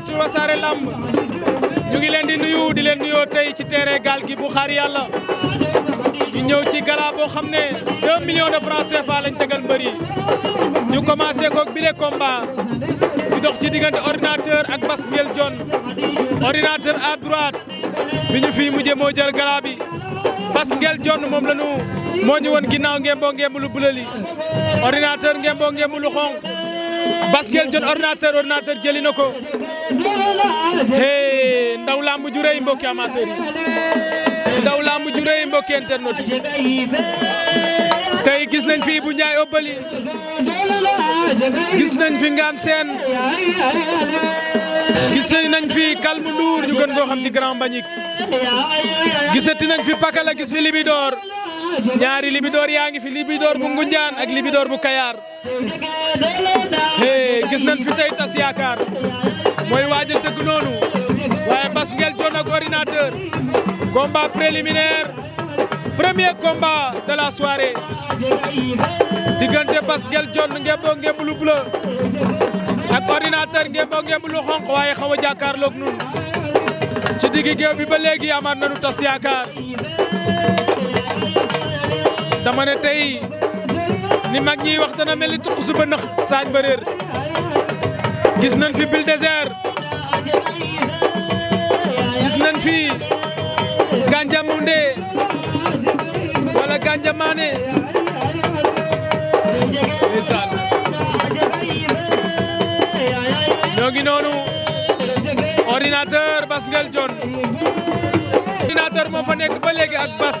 internet wasaare lamb ñu ngi leen di nuyu di leen nuyoo tey ci terrain gaal gi bu xaar yàlla ñu ñëw ci gala boo xam ne 2 millions de francs CFA lañ tegal mbër yi ñu ko koog bile combat ñu dox ci diggante ordinateur ak Bass Nguel Dione ordinateur à droite bi ñu fii mujjee moo jël gala bi Bass Nguel Dione moom la ñu moo ñu woon ginnaaw ngeen boo ngeen lu bulali ordinateur ngeen boo ngeen lu xonq Bass Nguel Dione ordinateur ordinateur na ko. hee ndaw làmb ju rëy mbokki amateur yi ndaw làmb ju rëy mbokki internet yi tey gis nañ fi Ibou Ndiaye Obali gis nañ fi Ngane Sène gis nañ fi Kalmu Ndour ñu gën koo xam ci Grand Mbagnick gisati nañ fi Pakala gis fi Libidor ñaari Libidor yaa ngi fi Libidor bu Ngunjaan ak Libidor bu Kayar hee gis nañ fi tey tas yaakaar mooy waaj a sëgg noonu waaye Bass Nguel Jon ak ordinateur combat préliminaire premier combat de la soirée diggante Bass Nguel ngemboo ngemb lu ak ordinateur ngemboo ngemb xonq waaye xaw a jàkkaarloog nun ci diggi géew bi ba léegi amaat nañu tas yaakaar dama ne tey ni mag ñiy wax dana mel ni ba nëx saañ ba réer gis nañ fi Buldozer gis nañ fi Ganja Moundé wala Ganja Mané ndeysaan ñoo noonu ordinateur Bass Nguel Dione moo fa nekk ba léegi ak Bass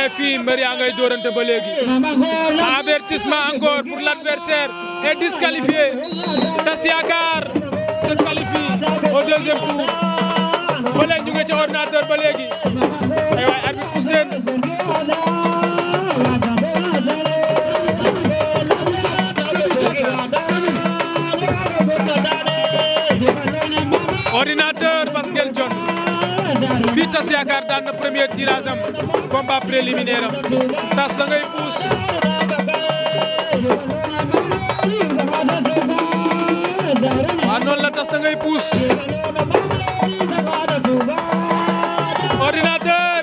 et fii mbër yaa ngay dóorante ba léegi avertissement encore pour l'adversaire est disqualifié Tass Yakar se qualifie au deuxième tour fële ñu ngi ci ordinateur ba léegi tas yaakaar daan na premier tirage am combat préliminaire am tas la ngay puus waaw noonu la tas da ngay puus ordinateur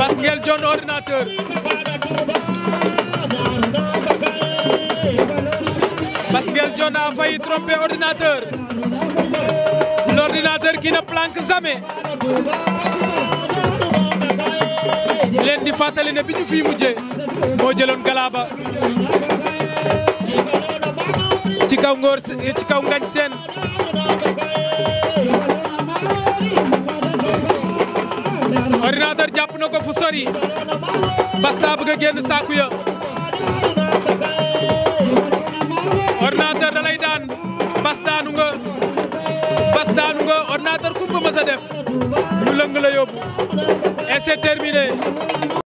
pas ngel jon ordinateur parce que Dionna a failli tromper ordinateur l'ordinateur qui ne planque jamais di fàttali ne bi ñu fii mujjee moo jëloon galaaba ci kaw ngóor ci kaw ngañ seen ordinateur jàpp na ko fu sori bas daa génn saaku ya daanu nga bas daanu nga ordinateur kum ko def ñu lëng la yóbbu et c'est